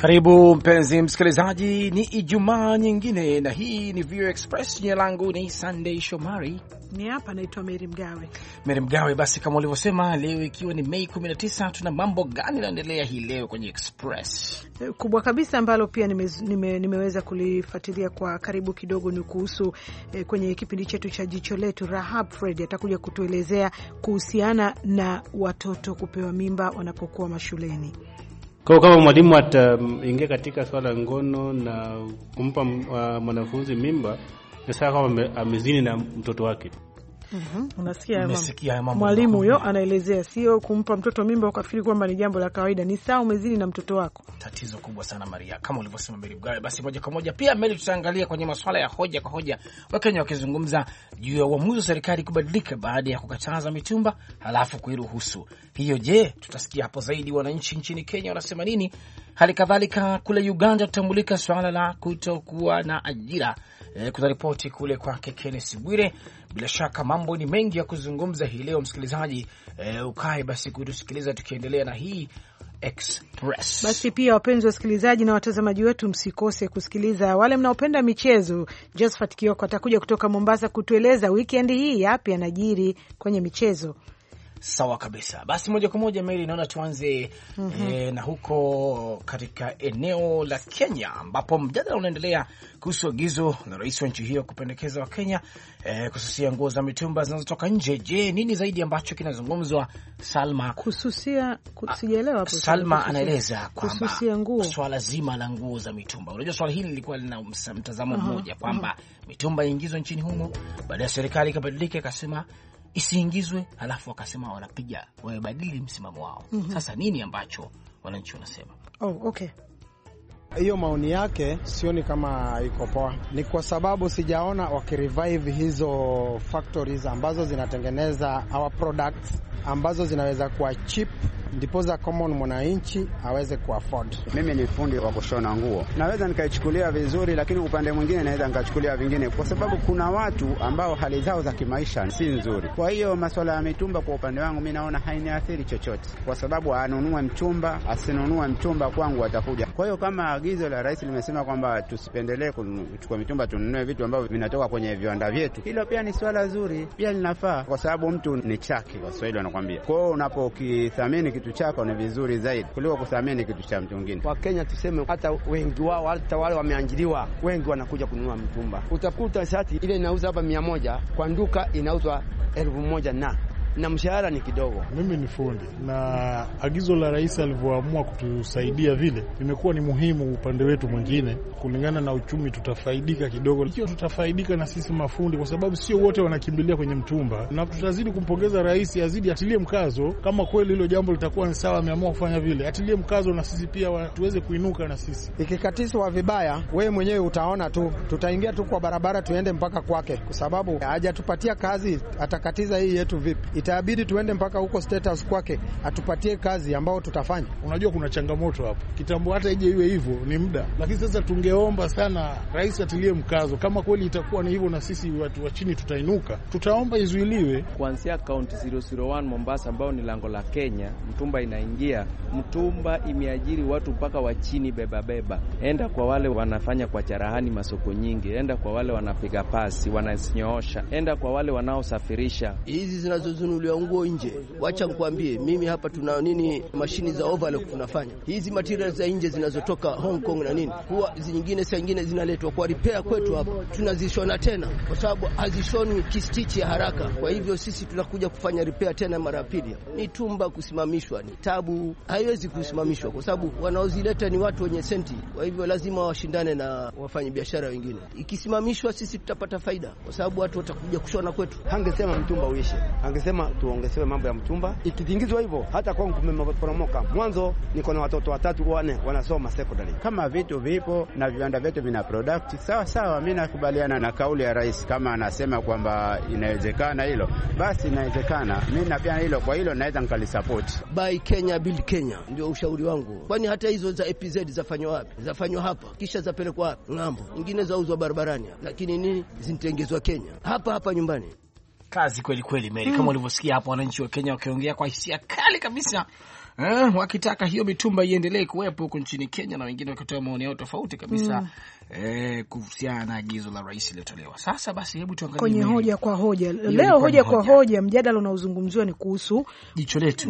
Karibu mpenzi msikilizaji, ni Ijumaa nyingine na hii ni VOA Express. Jina langu ni Sunday Shomari, ni hapa naitwa Meri Mgawe. Meri Mgawe, basi kama ulivyosema, leo ikiwa ni Mei 19, tuna mambo gani yanaendelea hii leo kwenye Express? Eh, kubwa kabisa ambalo pia nime, nime, nimeweza kulifuatilia kwa karibu kidogo ni kuhusu eh, kwenye kipindi chetu cha jicho letu, Rahab Fred atakuja kutuelezea kuhusiana na watoto kupewa mimba wanapokuwa mashuleni. Kwa kama mwalimu ataingia mm, katika swala ngono na kumpa uh, mwanafunzi mimba, ni sawa kama amezini na mtoto wake mm Unasikia mwalimu huyo anaelezea, sio kumpa mtoto mimba ukafikiri kwamba ni jambo la kawaida, ni sawa, umezini na mtoto wako. Tatizo kubwa sana Maria, kama ulivyosema Meri Mgawe. Basi moja kwa moja pia Meri, tutaangalia kwenye masuala ya hoja kwa hoja, Wakenya wakizungumza juu ya uamuzi wa serikali kubadilika baada ya kukataza mitumba halafu kuiruhusu hiyo. Je, tutasikia hapo zaidi wananchi nchini Kenya wanasema nini? Hali kadhalika kule Uganda tutambulika swala la kutokuwa na ajira e, kuna ripoti kule kwake Kenneth Bwire bila shaka mambo ni mengi ya kuzungumza hii leo msikilizaji, E, ukae basi kutusikiliza tukiendelea na hii Express. Basi pia wapenzi wasikilizaji na watazamaji wetu, msikose kusikiliza. Wale mnaopenda michezo, Josephat Kioko atakuja kutoka Mombasa kutueleza wikendi hii yapi yanajiri kwenye michezo. Sawa kabisa. Basi moja kwa moja Meri, naona tuanze mm -hmm. E, na huko katika eneo la Kenya ambapo mjadala unaendelea kuhusu agizo la rais wa nchi hiyo kupendekeza wa Kenya e, kususia nguo za mitumba zinazotoka nje. Je, nini zaidi ambacho kinazungumzwa? Salma kususia, sijaelewa Salma anaeleza kwamba swala zima la nguo za mitumba, unajua swala hili lilikuwa lina mtazamo mmoja kwamba mitumba iingizwe nchini humo, baada ya serikali ikabadilika ikasema isiingizwe, halafu wakasema wanapiga wamebadili msimamo wao. mm -hmm. Sasa nini ambacho wananchi wanasema? Oh, okay. Hiyo maoni yake sioni kama iko poa, ni kwa sababu sijaona wakirevive hizo factories ambazo zinatengeneza our products ambazo zinaweza kuwa cheap ndipoza common mwananchi aweze kuafford. Mimi ni fundi wa kushona nguo, naweza nikaichukulia vizuri, lakini upande mwingine naweza nikachukulia vingine, kwa sababu kuna watu ambao hali zao za kimaisha si nzuri. Kwa hiyo masuala ya mitumba, kwa upande wangu mi naona hainiathiri chochote, kwa sababu anunue mchumba asinunue mchumba, kwangu atakuja. Kwa hiyo kama agizo la rais limesema kwamba tusipendelee kuchukua mitumba, tununue vitu ambavyo vinatoka kwenye viwanda vyetu, hilo pia ni swala zuri, pia linafaa, kwa sababu mtu ni chake, Waswahili nakwambia. Kwa hiyo unapokithamini kitu chako ni vizuri zaidi kuliko kuthamini kitu cha mtu mwingine. Kwa Kenya tuseme, hata wengi wao, hata wale wameanjiliwa wengi wanakuja kununua mtumba. Utakuta shati ile inauza hapa mia moja kwa nduka inauzwa elfu moja na na mshahara ni kidogo. Mimi ni fundi na agizo la rais alivyoamua kutusaidia vile imekuwa ni muhimu upande wetu mwingine, kulingana na uchumi tutafaidika kidogo, ikiwa tutafaidika na sisi mafundi, kwa sababu sio wote wanakimbilia kwenye mtumba, na tutazidi kumpongeza rais, azidi atilie mkazo. Kama kweli hilo jambo litakuwa ni sawa, ameamua kufanya vile, atilie mkazo na sisi pia tuweze kuinuka, na sisi ikikatizwa vibaya, wewe mwenyewe utaona tu, tutaingia tu kwa barabara tuende mpaka kwake, kwa sababu hajatupatia kazi, atakatiza hii yetu vipi? itabidi tuende mpaka huko status kwake atupatie kazi ambao tutafanya. Unajua kuna changamoto hapo kitambo, hata ije iwe hivyo ni muda, lakini sasa tungeomba sana rais atilie mkazo. Kama kweli itakuwa ni hivyo, na sisi watu wa chini tutainuka, tutaomba izuiliwe kuanzia kaunti 001 Mombasa, ambao ni lango la Kenya. Mtumba inaingia Mtumba imeajiri watu mpaka wa chini, bebabeba beba. Enda kwa wale wanafanya kwa charahani masoko nyingi, enda kwa wale wanapiga pasi wanasinyoosha, enda kwa wale wanaosafirisha hizi zinazo kununulia nguo nje. Wacha nikwambie, mimi hapa tuna nini, mashini za overlock tunafanya hizi materials za nje zinazotoka Hong Kong na nini, huwa nyingine saa nyingine zinaletwa kwa repair kwetu hapa, tunazishona tena, kwa sababu hazishoni kistichi ya haraka. Kwa hivyo sisi tunakuja kufanya repair tena mara pili. Ni tumba kusimamishwa, ni tabu, haiwezi kusimamishwa kwa sababu wanaozileta ni watu wenye senti, kwa hivyo lazima washindane na wafanyabiashara wengine. Ikisimamishwa sisi tutapata faida, kwa sababu watu watakuja kushona kwetu. Hangesema mtumba uishe, angesema lazima tuongezewe mambo ya mchumba. ikizingizwa hivyo, hata kwangu kumeporomoka. Mwanzo niko na watoto watatu wane wanasoma secondary. Kama vitu vipo na viwanda vyetu vina product sawa sawa, mimi nakubaliana na kauli ya rais, kama anasema kwamba inawezekana hilo, basi inawezekana. Mimi napia hilo, kwa hilo naweza nikalisupport. Buy Kenya, build Kenya, ndio ushauri wangu, kwani hata hizo za EPZ zafanywa wapi? Zafanywa hapa, kisha zapelekwa wapi ng'ambo. Nyingine zauzwa barabarani, lakini nini, zitengezwa Kenya hapa hapa nyumbani kazi kweli kweli, Meri, kama mm. ulivyosikia hapo wananchi wa Kenya wakiongea kwa hisia kali kabisa eh, wakitaka hiyo mitumba iendelee kuwepo huko nchini Kenya na wengine wakitoa maoni yao tofauti kabisa mm eh, kuhusiana na agizo la rais iliyotolewa. Sasa basi, hebu tuangalie kwenye hoja kwa hoja leo, hoja kwa hoja, mjadala unaozungumziwa ni kuhusu jicho letu,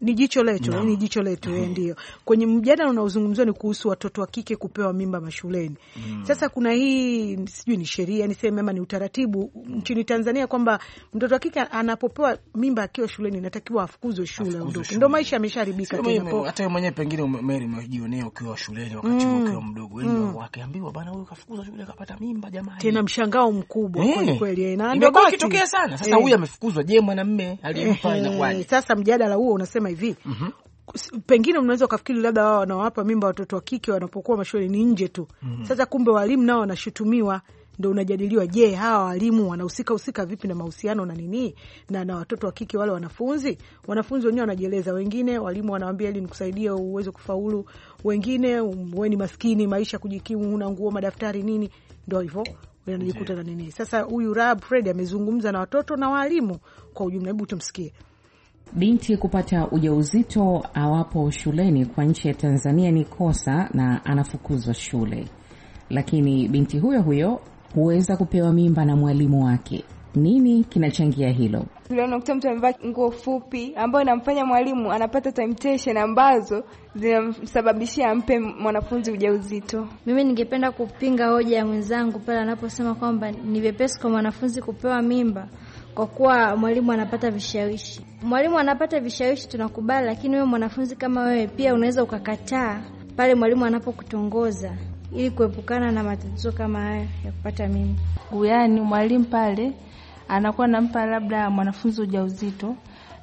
ni jicho letu no. ni jicho letu mm. Ndio kwenye mjadala unaozungumziwa ni kuhusu watoto wa kike kupewa mimba mashuleni mm. Sasa kuna hii sijui ni sheria niseme ama ni utaratibu nchini Tanzania kwamba mtoto wa kike anapopewa mimba akiwa shuleni inatakiwa afukuzwe shule, aondoke. Ndio maisha ameshaharibika. Hata mwenyewe pengine umejionea ukiwa shuleni wakati mm. ukiwa mdogo mm. wake ukiambiwa bana huyu kafukuzwa shule akapata mimba, jamani, tena mshangao mkubwa eh, kweli kweli. Eh, na ndio kwa kitokea sana sasa, huyu eh. amefukuzwa, je, mwanamume aliyempa inakuwaje? Sasa mjadala huo unasema hivi mm -hmm. Pengine mnaweza ukafikiri labda wao wanawapa mimba watoto wa kike wanapokuwa mashuleni nje tu mm -hmm. Sasa kumbe walimu nao wanashutumiwa ndo unajadiliwa, je, hawa walimu wanahusika husika vipi na mahusiano na nini na na watoto wa kike wale wanafunzi. Wanafunzi wenyewe wanajieleza, wengine walimu wanawambia ili nikusaidie uweze kufaulu, wengine we ni maskini, maisha kujikimu, huna nguo, madaftari, nini, ndo hivyo anajikuta na nini. Sasa huyu Rahab Fred amezungumza na watoto na waalimu kwa ujumla, hebu tumsikie. Binti kupata ujauzito awapo shuleni kwa nchi ya Tanzania ni kosa na anafukuzwa shule, lakini binti huyo huyo huweza kupewa mimba na mwalimu wake. Nini kinachangia hilo? Tuliona kuta mtu amevaa nguo fupi ambayo inamfanya mwalimu anapata temptation ambazo zinamsababishia ampe mwanafunzi ujauzito. Mimi ningependa kupinga hoja ya mwenzangu pale anaposema kwamba ni vyepesi kwa mwanafunzi kupewa mimba kwa kuwa mwalimu anapata vishawishi. Mwalimu anapata vishawishi, tunakubali, lakini wewe mwanafunzi, kama wewe pia unaweza ukakataa pale mwalimu anapokutongoza ili kuepukana na matatizo kama haya ya kupata mimba. Yaani mwalimu pale anakuwa nampa labda mwanafunzi ujauzito,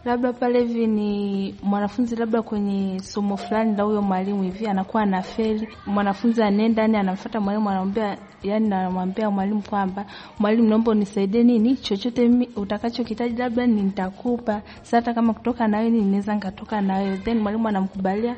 labda pale hivi ni mwanafunzi labda kwenye somo fulani la huyo mwalimu hivi anakuwa feli, mwanafunzi anaenda yani, anamfuata mwalimu anamwambia, yani anamwambia mwalimu kwamba mwalimu, naomba unisaidie nini, chochote utakachokitaji labda nitakupa, sasa hata kama kutoka na wewe ninaweza nikatoka na wewe, then mwalimu anamkubalia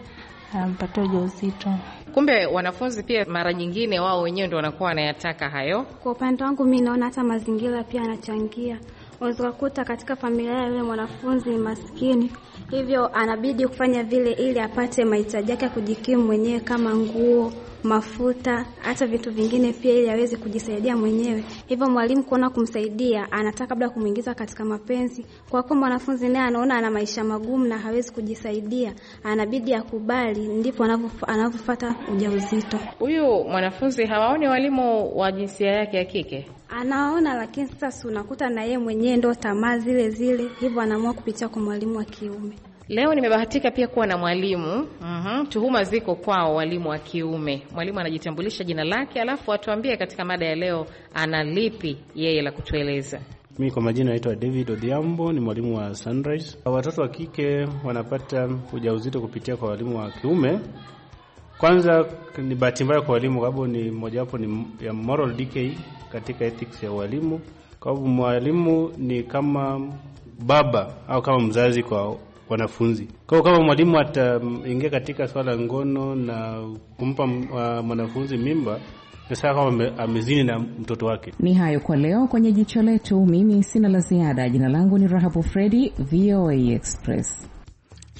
ampatie um, ujauzito. Kumbe wanafunzi pia mara nyingine wao wenyewe ndio wanakuwa wanayataka hayo. Kwa upande wangu mi naona hata mazingira pia yanachangia. Unaweza kukuta katika familia ya yule mwanafunzi maskini, hivyo anabidi kufanya vile ili apate mahitaji yake ya kujikimu mwenyewe kama nguo mafuta, hata vitu vingine pia, ili aweze kujisaidia mwenyewe. Hivyo mwalimu kuona kumsaidia, anataka labda kumuingiza katika mapenzi, kwa kuwa mwanafunzi naye anaona ana maisha magumu na hawezi kujisaidia, anabidi akubali, ndipo anavyofuata ujauzito. Huyu mwanafunzi hawaoni walimu wa jinsia yake ya kike anaona lakini sasa, unakuta na yeye mwenyewe ndo tamaa zile zile, hivyo anaamua kupitia kwa mwalimu wa kiume. Leo nimebahatika pia kuwa na mwalimu mm-hmm. Tuhuma ziko kwao walimu wa kiume. Mwalimu anajitambulisha jina lake, alafu atuambie katika mada ya leo ana lipi yeye la kutueleza. Mimi kwa majina naitwa David Odhiambo, ni mwalimu wa Sunrise. Watoto wa kike wanapata ujauzito kupitia kwa walimu wa kiume. Kwanza ni bahati mbaya kwa walimu, sababu ni mojawapo ni ya moral decay katika ethics ya walimu, kwa sababu mwalimu ni kama baba au kama mzazi kwa wanafunzi. Kwa hiyo kama mwalimu ataingia katika swala ngono na kumpa uh, mwanafunzi mimba sasa kama amezini na mtoto wake. Ni hayo kwa leo kwenye jicho letu. Mimi sina la ziada. Jina langu ni Rahabu Fredi, VOA Express.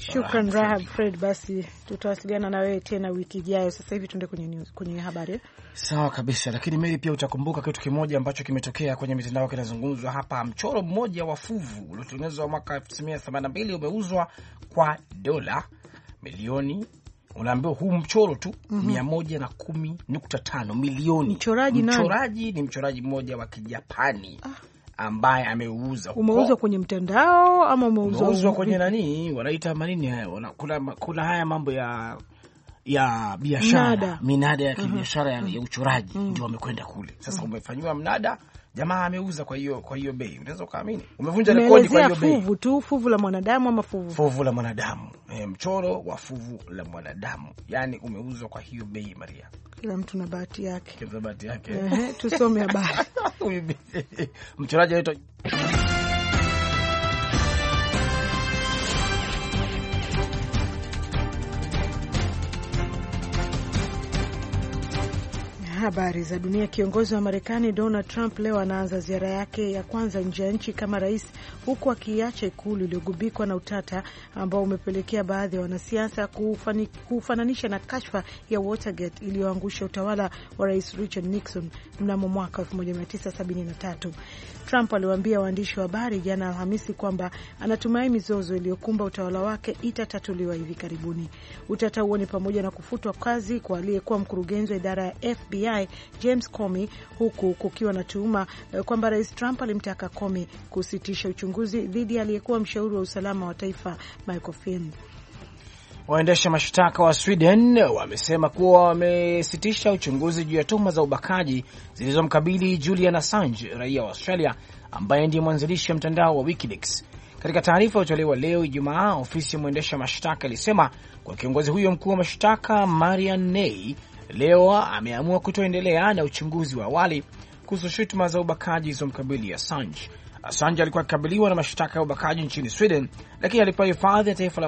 Shukran Rahab Fred, basi tutawasiliana na wewe tena wiki ijayo. Sasa hivi tuende kwenye, kwenye habari. Sawa kabisa, lakini Meri, pia utakumbuka kitu kimoja ambacho kimetokea kwenye mitandao kinazungumzwa hapa. Mchoro mmoja wa fuvu uliotengenezwa mwaka 1982 umeuzwa kwa dola milioni unaambiwa huu mchoro tu mhm. mia moja na kumi nukta tano milioni. Mchoraji, mchoraji ni mchoraji mmoja wa Kijapani. Ah, ambaye ameuza umeuza kwenye mtandao ama umeuza kwenye nani wanaita manini hayo, kuna, kuna haya mambo ya ya biashara minada ya kibiashara mm ya uchoraji mm. ndio wamekwenda kule sasa, mm -hmm. umefanyiwa mnada jamaa ameuza kwa hiyo kwa hiyo bei, unaweza ukaamini umevunja rekodi kwa hiyo bei. Fuvu tu, fuvu la mwanadamu ama fuvu, fuvu la mwanadamu e, mchoro wa fuvu la mwanadamu, yani umeuzwa kwa hiyo bei. Maria, kila mtu na bahati yake, kila mtu na bahati yake. Tusome habari mchoraji wetu Habari za dunia. Kiongozi wa Marekani Donald Trump leo anaanza ziara yake ya kwanza nje ya nchi kama rais, huku akiacha ikulu iliyogubikwa na utata ambao umepelekea baadhi ya wanasiasa kufananisha na kashfa ya Watergate iliyoangusha utawala wa rais Richard Nixon mnamo mwaka 1973. Trump aliwaambia waandishi wa habari jana Alhamisi kwamba anatumai mizozo iliyokumba utawala wake itatatuliwa hivi karibuni. Utata huo ni pamoja na kufutwa kazi kwa aliyekuwa mkurugenzi wa idara ya FBI baadaye James Comey, huku kukiwa na tuhuma eh, kwamba Rais Trump alimtaka Comey kusitisha uchunguzi dhidi ya aliyekuwa mshauri wa usalama wa taifa Michael Flynn. Waendesha mashtaka wa Sweden wamesema kuwa wamesitisha uchunguzi juu ya tuhuma za ubakaji zilizomkabili Julian Assange, raia wa Australia ambaye ndiye mwanzilishi wa mtandao wa WikiLeaks. Katika taarifa iliyotolewa leo Ijumaa, ofisi ya mwendesha mashtaka ilisema kwa kiongozi huyo mkuu wa mashtaka Marian Ney leo ameamua kutoendelea na uchunguzi wa awali kuhusu shutuma za ubakaji zomkabili Assange. Assange alikuwa akikabiliwa na mashtaka ya ubakaji nchini Sweden, lakini alipewa hifadhi ya taifa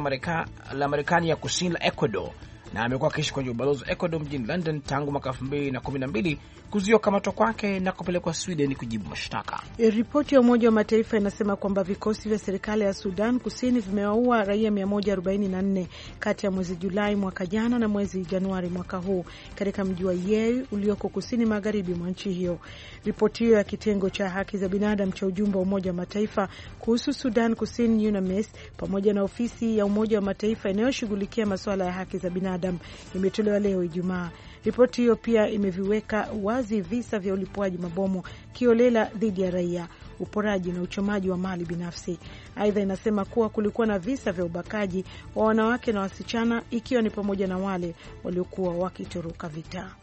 la Marekani ya kusini la Ecuador na amekuwa akiishi kwenye ubalozi wa Ecuador mjini London tangu mwaka na na kumi mbili kuzuia kukamatwa kwake na kupelekwa Sweden kujibu mashtaka. E, Ripoti ya Umoja wa Mataifa inasema kwamba vikosi vya serikali ya Sudan Kusini vimewaua raia 144 kati ya mwezi Julai mwaka jana na mwezi Januari mwaka huu katika mji wa Yei ulioko kusini magharibi mwa nchi hiyo. Ripoti hiyo ya kitengo cha haki za binadamu cha ujumbe wa Umoja wa Mataifa kuhusu Sudan Kusini, UNMISS, pamoja na ofisi ya Umoja wa Mataifa inayoshughulikia masuala ya haki za binadamu binadamu imetolewa leo Ijumaa. Ripoti hiyo pia imeviweka wazi visa vya ulipuaji mabomu kiolela dhidi ya raia, uporaji na uchomaji wa mali binafsi. Aidha, inasema kuwa kulikuwa na visa vya ubakaji wa wanawake na wasichana, ikiwa ni pamoja na wale waliokuwa wakitoroka vita.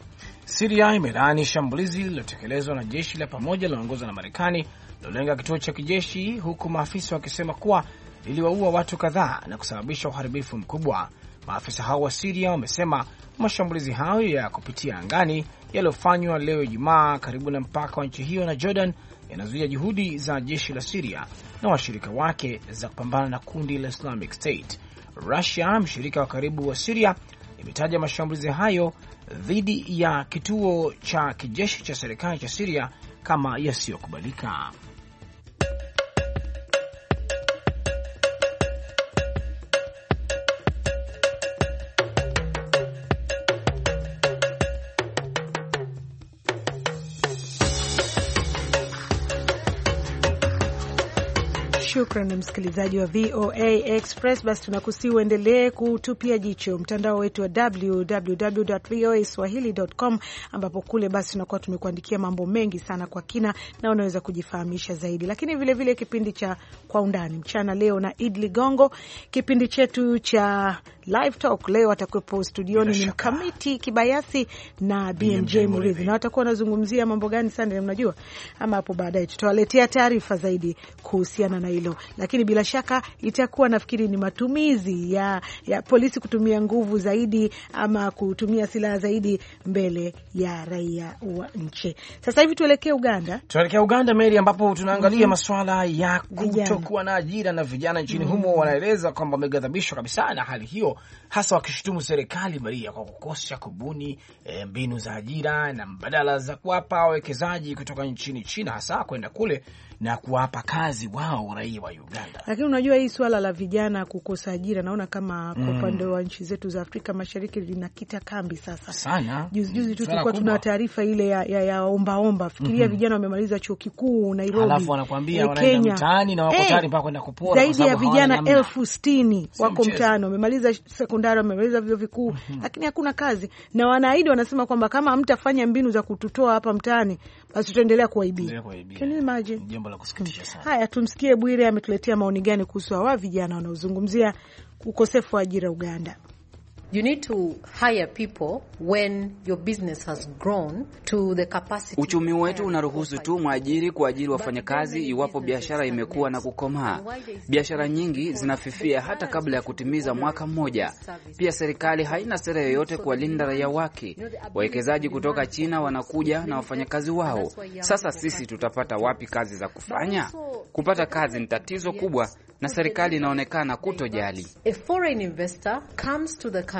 Siria imelaani shambulizi lililotekelezwa na jeshi la pamoja linaongoza na Marekani lilolenga kituo cha kijeshi, huku maafisa wakisema kuwa liliwaua watu kadhaa na kusababisha uharibifu mkubwa. Maafisa hao wa Siria wamesema mashambulizi hayo ya kupitia angani yaliyofanywa leo Ijumaa karibu na mpaka wa nchi hiyo na Jordan yanazuia juhudi za jeshi la Siria na washirika wake za kupambana na kundi la Islamic State. Rusia, mshirika wa karibu wa Siria, imetaja mashambulizi hayo dhidi ya kituo cha kijeshi cha serikali cha Siria kama yasiyokubalika. Shukran msikilizaji wa VOA Express. Basi tunakusi uendelee kutupia jicho mtandao wetu wa www voa swahili.com, ambapo kule basi tunakuwa tumekuandikia mambo mengi sana kwa kina na unaweza kujifahamisha zaidi, lakini vilevile vile kipindi cha kwa undani mchana leo na Id Ligongo, kipindi chetu cha Live Talk leo atakuwepo studioni ni Mkamiti Kibayasi na BMJ Murithi, na watakuwa wanazungumzia mambo gani sana, mnajua ama hapo baadaye tutawaletea taarifa zaidi kuhusiana na hilo, lakini bila shaka itakuwa nafikiri ni matumizi ya, ya polisi kutumia nguvu zaidi ama kutumia silaha zaidi mbele ya raia wa nchi. Sasa hivi tuelekee Uganda, tuelekea Uganda Meri, ambapo tunaangalia mm -hmm. masuala ya kutokuwa na ajira na vijana nchini mm -hmm. humo wanaeleza kwamba wameghadhabishwa kabisa na hali hiyo hasa wakishutumu serikali Maria kwa kukosa kubuni e, mbinu za ajira na mbadala za kuwapa wawekezaji kutoka nchini China hasa kwenda kule na kuwapa kazi wao raia wa Uganda. Lakini unajua hii swala la vijana kukosa ajira naona kama mm. kwa upande wa nchi zetu za Afrika Mashariki linakita kambi sasa sana. Juzijuzi tu tulikuwa tuna taarifa ile ya, ya, ya omba Fikiria mm -hmm. vijana wamemaliza chuo kikuu Nairobi, alafu wanakuambia eh, wanaenda mtaani na wako eh, tayari mpaka kwenda kupora. Zaidi ya vijana elfu sitini wako mtaani, wamemaliza sekondari, wamemaliza vyuo vikuu mm -hmm. lakini hakuna kazi, na wanaahidi wanasema kwamba kama mtafanya mbinu za kututoa hapa mtaani basi tutaendelea kuwaibia. Can you imagine? Jambo la kusikitisha sana. Haya, tumsikie Bwire ametuletea maoni gani kuhusu hawa vijana wanaozungumzia ukosefu wa ajira Uganda. You need to hire people when your business has grown to the capacity. Uchumi wetu unaruhusu tu mwajiri kuajiri wafanyakazi iwapo biashara imekuwa na kukomaa. Biashara nyingi zinafifia hata kabla ya kutimiza mwaka mmoja. Pia serikali haina sera yoyote kuwalinda raia wake. Wawekezaji kutoka China wanakuja na wafanyakazi wao. Sasa sisi tutapata wapi kazi za kufanya? Kupata kazi ni tatizo kubwa, na serikali inaonekana kutojali. A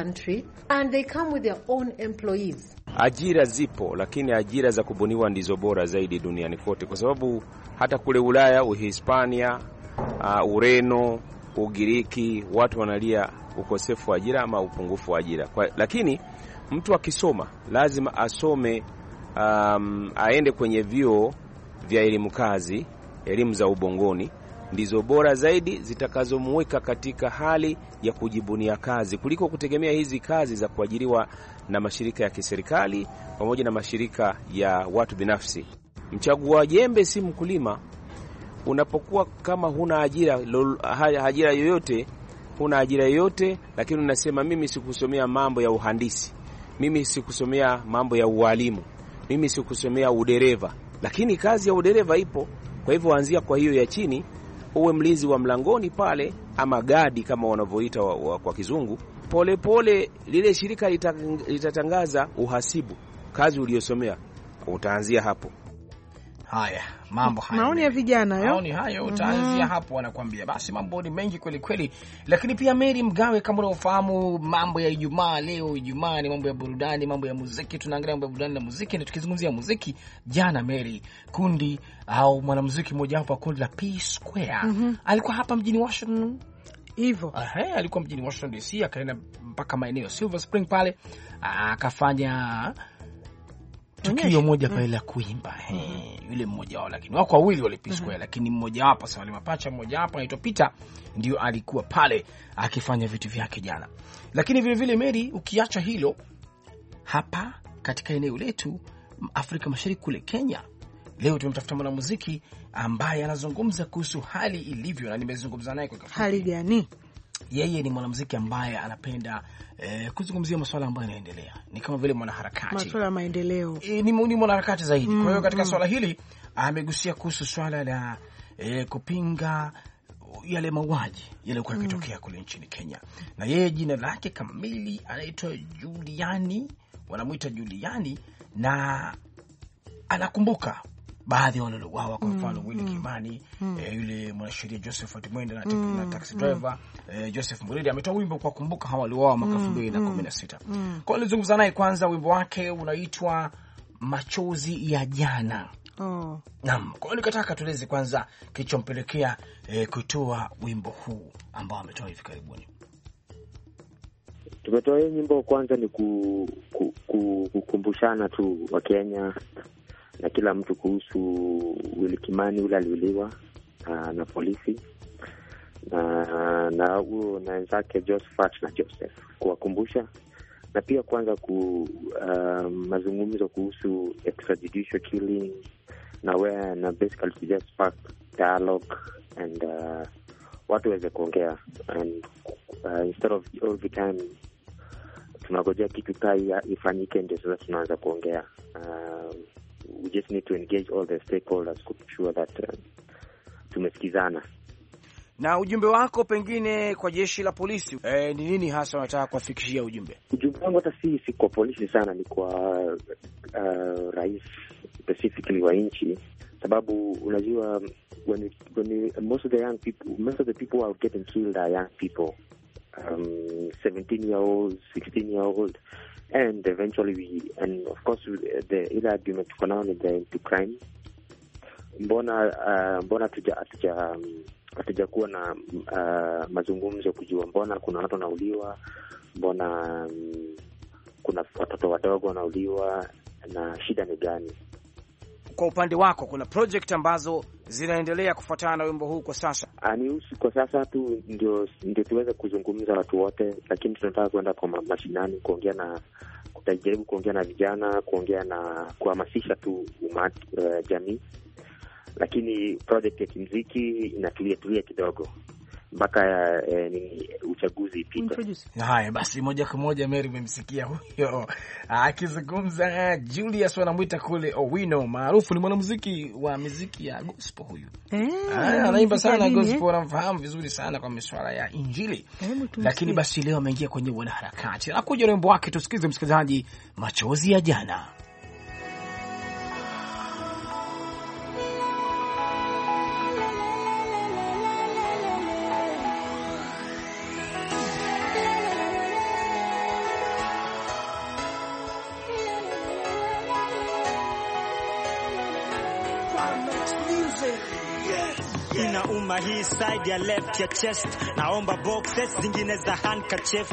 country and they come with their own employees. Ajira zipo lakini ajira za kubuniwa ndizo bora zaidi duniani kote, kwa sababu hata kule Ulaya, Uhispania, uh, Ureno, Ugiriki, watu wanalia ukosefu wa ajira ama upungufu wa ajira kwa, lakini mtu akisoma lazima asome um, aende kwenye vyuo vya elimu kazi, elimu za ubongoni ndizo bora zaidi zitakazomuweka katika hali ya kujibunia kazi kuliko kutegemea hizi kazi za kuajiriwa na mashirika ya kiserikali pamoja na mashirika ya watu binafsi. Mchagua jembe si mkulima. Unapokuwa kama huna ajira, ajira yoyote, huna ajira yoyote, lakini unasema mimi sikusomea mambo ya uhandisi, mimi sikusomea mambo ya ualimu, mimi sikusomea udereva, lakini kazi ya udereva ipo. Kwa hivyo anzia kwa hiyo ya chini uwe mlinzi wa mlangoni pale ama gadi kama wanavyoita wa, wa, kwa kizungu. Polepole pole, lile shirika litatangaza uhasibu, kazi uliyosomea utaanzia hapo. Haya, mambo haya, maoni ya vijana hayo, maoni hayo mhm. utaanzia mm -hmm. hapo wanakuambia. Basi mambo ni mengi kweli kweli, lakini pia Mary Mgawe, kama unavyofahamu, mambo ya Ijumaa leo. Ijumaa ni mambo ya burudani, mambo ya muziki, tunaangalia mambo ya burudani na muziki. Na tukizungumzia muziki, jana Mary, kundi au mwanamuziki mmoja hapo wa kundi la P Square mm -hmm. alikuwa hapa mjini Washington hivyo ahe, alikuwa mjini Washington DC, akaenda mpaka maeneo Silver Spring pale akafanya tukio moja mm. pale la kuimba mm-hmm. Hey, yule mmoja wao, lakini wako wawili walipiskwa mm -hmm. Lakini mmoja wapo wale Mapacha, mmoja wapo anaitwa Peter, ndio alikuwa pale akifanya vitu vyake jana. Lakini vile vile Mary, ukiacha hilo, hapa katika eneo letu Afrika Mashariki kule Kenya, leo tumemtafuta mwanamuziki ambaye anazungumza kuhusu hali ilivyo, na nimezungumza naye kwa kifupi. Hali gani? yeye ni mwanamuziki ambaye anapenda eh, kuzungumzia masuala ambayo yanaendelea, ni kama vile mwanaharakati, masuala ya maendeleo e, ni, ni mwanaharakati zaidi mm. Kwa hiyo mm, katika mm. swala hili amegusia kuhusu swala la eh, kupinga yale mauaji yaliyokuwa mm. yakitokea mm. kule nchini Kenya, na yeye jina lake kamili anaitwa Juliani, wanamwita Juliani na anakumbuka baadhi ya waliouawa kwa mfano mm, Willy mm. Kimani, mm. Eh, yule mwanasheria Joseph Mwenda na taxi driver eh, Joseph Muridi ametoa wimbo kuwakumbuka hawa waliouawa mwaka 2016. Kwa nilizungumza naye kwanza, wimbo wake unaitwa Machozi ya Jana. Oh. Naam, kwa hiyo nikataka tueleze kwanza kilichompelekea eh, kutoa wimbo huu ambao ametoa hivi karibuni. Tumetoa hii nyimbo kwanza ni ku, ku, ku, kukumbushana tu Wakenya na kila mtu kuhusu Willy Kimani aliuliwa na, na polisi na na huo na wenzake Josephat na Joseph kuwakumbusha na pia kuanza ku uh, mazungumzo kuhusu extrajudicial killing na where na basically to just spark dialogue and uh, watu waweze kuongea and uh, instead of all the time tunagojea kitu kaa uh, ifanyike, ndio sasa tunaanza kuongea uh, we just need to engage all the stakeholders to sure that uh, tumesikizana. Na ujumbe wako pengine kwa jeshi la polisi e, ni nini hasa unataka kuwafikishia ujumbe? Ujumbe wangu hata si si kwa polisi sana, ni kwa uh, rais specifically wa nchi, sababu unajua when when most of the young people most of the people are getting killed are young people um, 17 year old 16 year old and eventually we and of course the ile argument tuko nao ni the into crime. Mbona uh, mbona hatuja hatuja um, hatujakuwa na uh, mazungumzo kujua mbona kuna watu wanauliwa, mbona um, kuna watoto wadogo wanauliwa na shida ni gani? kwa upande wako kuna project ambazo zinaendelea kufuatana na wimbo huu kwa sasa? Ah, Nihusu kwa sasa tu ndio, ndio tuweze kuzungumza watu wote, lakini tunataka kuenda kwa mashinani kuongea na kutajaribu kuongea na vijana, kuongea na kuhamasisha tu umati, uh, eh, jamii, lakini project ya kimziki inatulia tulia kidogo mpaka eh, ni uchaguzi ipite. Haya basi, moja kwa moja Mary, umemsikia huyo akizungumza eh, Julius, wanamwita kule Owino, maarufu ni mwanamuziki wa miziki ya gospel huyu, eh, anaimba sana eh. gospel, anamfahamu vizuri sana kwa masuala ya Injili, lakini basi leo ameingia kwenye wanaharakati, anakuja urembo wake. tusikilize msikilizaji, machozi ya jana nyuma hii side ya left ya chest, naomba boxes zingine za handkerchief.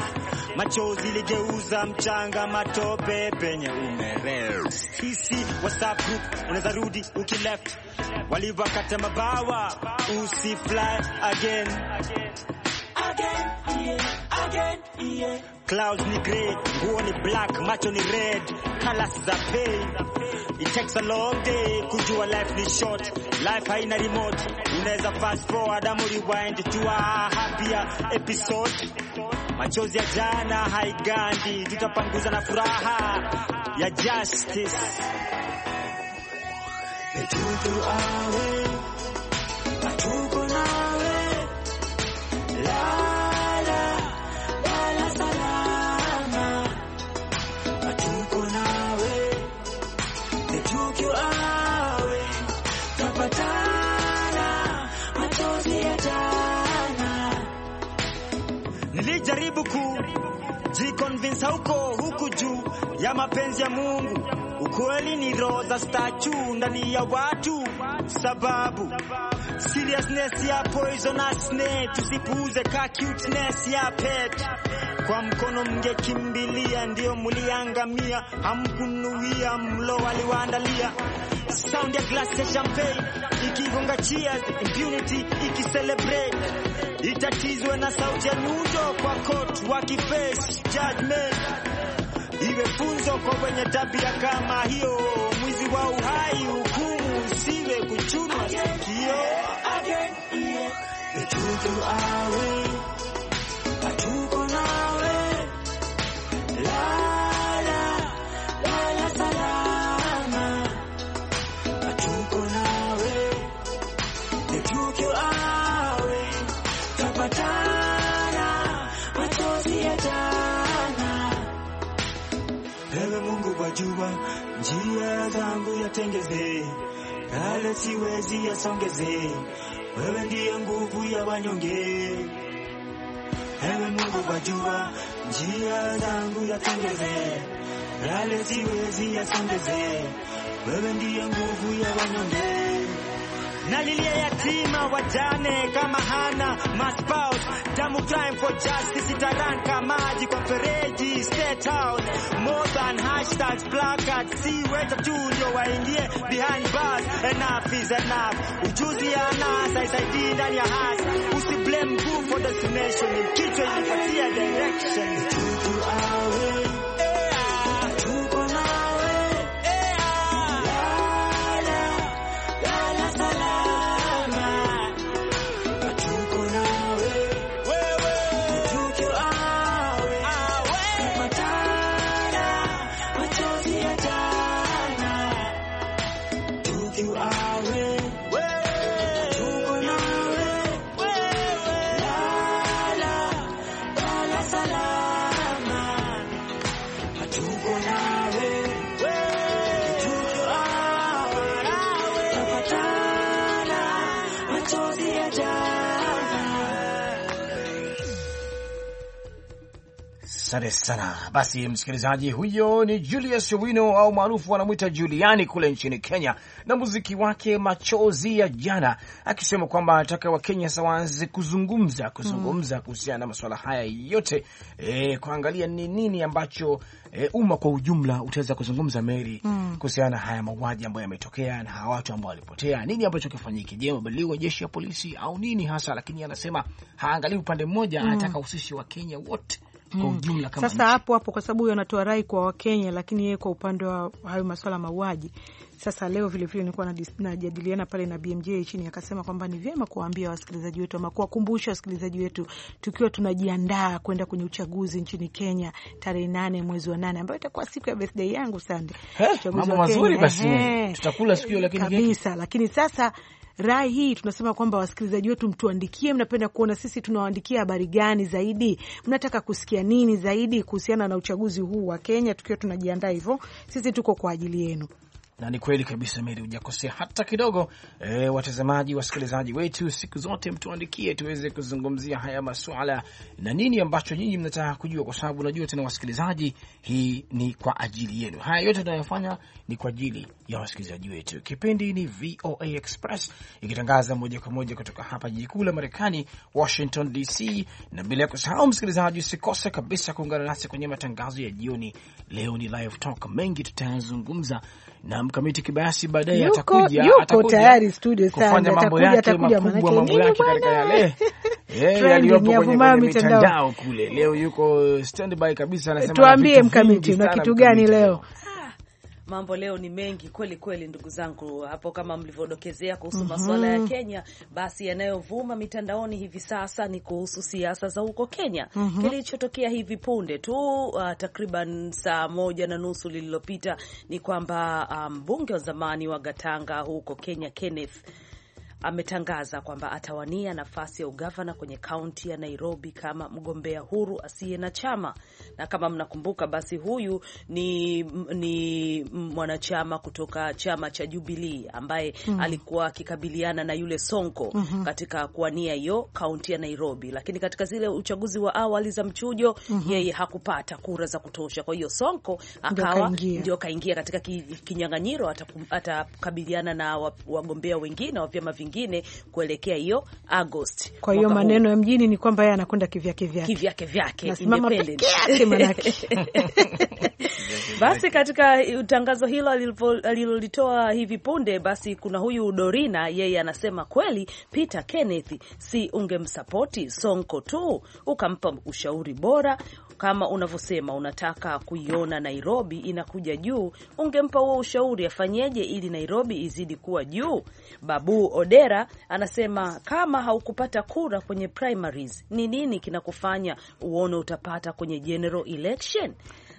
Machozi ligeuza mchanga matope penye umereu. Sisi WhatsApp group unaweza rudi uki left, walivakata mabawa usi fly again again again yeah. Clouds ni grey, nguo ni black, macho ni red, colors za pain. It takes a long day kujua life ni short, life haina remote Unaweza fast forward ama rewind to a happier episode. Machozi ya jana haigandi, tutapanguza na furaha ya justice. sasa uko huku juu ya mapenzi ya Mungu. Ukweli ni roho za ndani ya watu, sababu seriousness ya poisonousness, tusipuuze ka cuteness ya pet. Kwa mkono mngekimbilia, ndiyo muliangamia, hamkunuia mlo waliwaandalia sound ya glass ya champagne ikigonga cheers, impunity ikicelebrate, itatizwe na sauti ya nyundo kwa court wakiface judgment, iwe funzo kwa wenye tabia kama hiyo, mwizi wa uhai hukumu usiwe kuchuma sikio njia zangu yatengeze, yale siwezi yasongeze. Wewe ndiye nguvu ya wanyonge, ewe Mungu wajua. Njia zangu yatengeze, yale siwezi yasongeze. Wewe ndiye nguvu ya wanyonge nalilia yatima wajane kama hana maspouse damu crime for justice itaranka maji kwa mfereji state town more than hashtags placards si wecha tu ndio waingie behind bars enough is enough ujuzi ya nasa isaidii ndani ya hasa usiblame mkuu for destination kichwa ilipatia direction pasa Asante sana. Basi msikilizaji, huyo ni Julius Wino au maarufu wanamwita Juliani kule nchini Kenya, na muziki wake machozi ya jana, akisema kwamba anataka Wakenya sasa waanze kuzungumza kuzungumza mm. kuhusiana na masuala haya yote e, kuangalia ni nini ambacho e, umma kwa ujumla utaweza kuzungumza Meri mm. kuhusiana na haya mauaji ambayo yametokea na hawa watu ambao walipotea, nini ambacho kifanyike? Je, mabadiliko jeshi ya polisi au nini hasa? Lakini anasema haangalii upande mmoja, mm. anataka mm. usishi Kenya wote mm. kwa ujumla kama sasa hapo hapo, kwa sababu huyo anatoa rai kwa Wakenya, lakini yeye kwa upande wa hayo masuala mauaji sasa leo vilevile nilikuwa najadiliana pale na BMJ chini, akasema kwamba ni vyema kuwaambia wasikilizaji wetu ama kuwakumbusha wasikilizaji wetu tukiwa tunajiandaa kwenda kwenye uchaguzi nchini Kenya tarehe nane mwezi wa nane ambayo itakuwa siku ya birthday yangu. Sande, eh, mambo mazuri basi, eh. tutakula siku hiyo, lakini kabisa. Lakini sasa rai hii tunasema kwamba wasikilizaji wetu mtuandikie, mnapenda kuona sisi tunawaandikia habari gani zaidi, mnataka kusikia nini zaidi kuhusiana na uchaguzi huu wa Kenya, tukiwa tunajiandaa hivyo. Sisi tuko kwa ajili yenu na ni kweli kabisa, Meri, hujakosea hata kidogo. E, watazamaji, wasikilizaji wetu, siku zote mtuandikie tuweze kuzungumzia haya masuala na nini ambacho nyinyi mnataka kujua, kwa sababu najua tena wasikilizaji, hii ni kwa ajili yenu. Haya yote tunayofanya ni kwa ajili ya wasikilizaji wetu. Kipindi ni VOA Express ikitangaza moja kwa moja kutoka hapa jiji kuu la Marekani, Washington DC, na bila ya kusahau msikilizaji, usikose kabisa kuungana nasi kwenye matangazo ya jioni. Leo ni live talk, mengi tutayazungumza na mkamiti kibayasi baadaye atakuja, atakuja kufanya mambo yake makubwa, mambo yake katika yale eh, aliyopo kwenye mitandao kule. Leo yuko standby kabisa, anasema tuambie mkamiti, na kitu gani leo? Mambo leo ni mengi kweli kweli, ndugu zangu, hapo kama mlivyodokezea kuhusu mhm. masuala mm -hmm. ya Kenya, basi yanayovuma mitandaoni hivi sasa ni kuhusu siasa za huko Kenya mm -hmm. Kilichotokea hivi punde tu uh, takriban saa moja na nusu lililopita ni kwamba um, mbunge um, wa zamani wa Gatanga huko Kenya Kenneth ametangaza kwamba atawania nafasi ya ugavana kwenye kaunti ya Nairobi kama mgombea huru asiye na chama. Na kama mnakumbuka, basi huyu ni, ni mwanachama kutoka chama cha Jubilee ambaye mm. alikuwa akikabiliana na yule Sonko mm -hmm. katika kuwania hiyo kaunti ya Nairobi, lakini katika zile uchaguzi wa awali za mchujo mm -hmm. yeye hakupata kura za kutosha, kwa hiyo Sonko akawa ndio kaingia katika kinyang'anyiro, atakabiliana na wagombea wengine wa vyama vingine mengine kuelekea hiyo Agosti. Kwa hiyo maneno ya mjini ni kwamba yeye anakwenda kivyake vyake, kivyake vyake, independent Basi katika tangazo hilo alilolitoa hivi punde, basi kuna huyu Dorina, yeye anasema kweli, Peter Kenneth si ungemsapoti Sonko tu ukampa ushauri bora kama unavyosema unataka kuiona Nairobi inakuja juu, ungempa huo ushauri afanyeje ili Nairobi izidi kuwa juu? Babu Odera anasema kama haukupata kura kwenye primaries, ni nini kinakufanya uone utapata kwenye general election?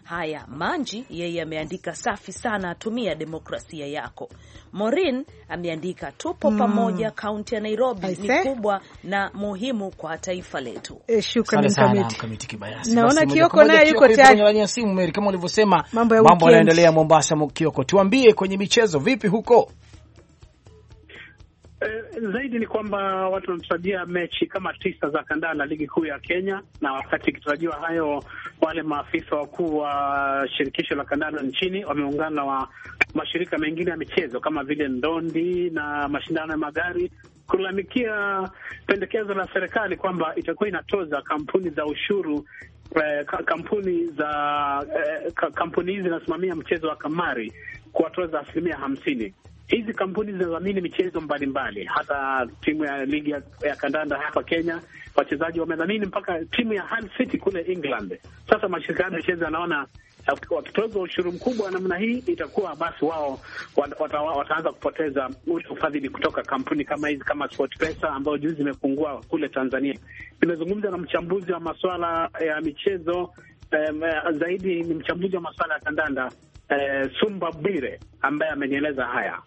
Haya, Manji yeye ameandika safi sana, tumia demokrasia yako. Morin ameandika tupo mm, pamoja. Kaunti ya Nairobi ni kubwa na muhimu kwa taifa letu. E, shukrani Mkamiti Kibayasi. Naona Kioko naye yuko tayari simu Meri, kama ulivyosema mambo yanaendelea Mombasa. Kioko, tuambie kwenye michezo, vipi huko? Eh, zaidi ni kwamba watu wanatarajia mechi kama tisa za kandanda la ligi kuu ya Kenya, na wakati ikitarajiwa hayo, wale maafisa wakuu wa shirikisho la kandanda nchini wameungana wa mashirika mengine ya michezo kama vile ndondi na mashindano ya magari kulalamikia pendekezo la serikali kwamba itakuwa inatoza kampuni za ushuru eh, kampuni za eh, kampuni hizi zinasimamia mchezo wa kamari kuwatoza asilimia hamsini hizi kampuni zinadhamini michezo mbalimbali mbali. Hata timu ya ligi ya, ya kandanda hapa Kenya wachezaji wamedhamini mpaka timu ya Hull City kule England. Sasa mashirika ya michezo yanaona wakitoza ushuru mkubwa namna hii itakuwa basi wao wataanza wata kupoteza ule ufadhili kutoka kampuni kama hizi kama SportPesa ambayo juzi zimefungua kule Tanzania. Nimezungumza na mchambuzi wa masuala ya michezo um, zaidi ni mchambuzi wa masuala ya kandanda uh, Sumba Bwire ambaye amenieleza haya.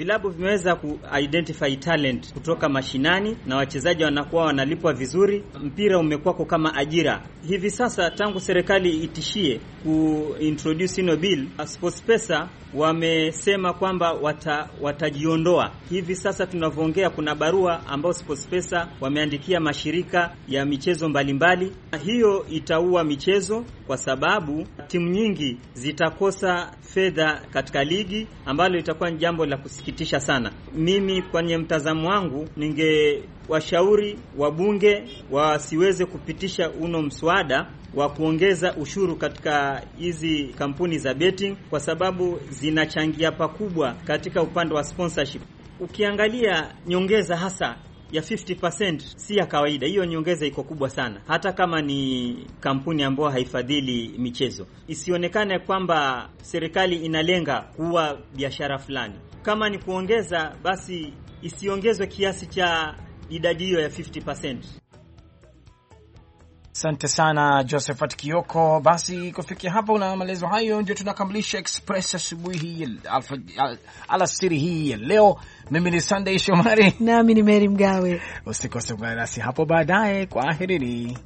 Vilabu vimeweza ku identify talent kutoka mashinani na wachezaji wanakuwa wanalipwa vizuri. Mpira umekuwako kama ajira hivi sasa, tangu serikali itishie kuintroduce ino bill, Sports Pesa wamesema kwamba wata, watajiondoa. Hivi sasa tunavyoongea, kuna barua ambayo Sports Pesa wameandikia mashirika ya michezo mbalimbali. Hiyo itaua michezo kwa sababu timu nyingi zitakosa fedha katika ligi, ambalo itakuwa ni jambo la kusikia inasikitisha sana. Mimi kwenye mtazamo wangu, ningewashauri wabunge wasiweze kupitisha uno mswada wa kuongeza ushuru katika hizi kampuni za betting, kwa sababu zinachangia pakubwa katika upande wa sponsorship. Ukiangalia nyongeza hasa ya 50% si ya kawaida. Hiyo nyongeza iko kubwa sana, hata kama ni kampuni ambayo haifadhili michezo. Isionekane kwamba serikali inalenga kuwa biashara fulani. Kama ni kuongeza, basi isiongezwe kiasi cha idadi hiyo ya 50%. Asante sana Josephat Kioko. Basi kufikia hapo na maelezo hayo, ndio tunakamilisha Express asubuhi hii alasiri hii ya leo. Mimi ni Sunday Shomari nami ni Meri Mgawe. Usikose kuungana nasi hapo baadaye. Kwaherini.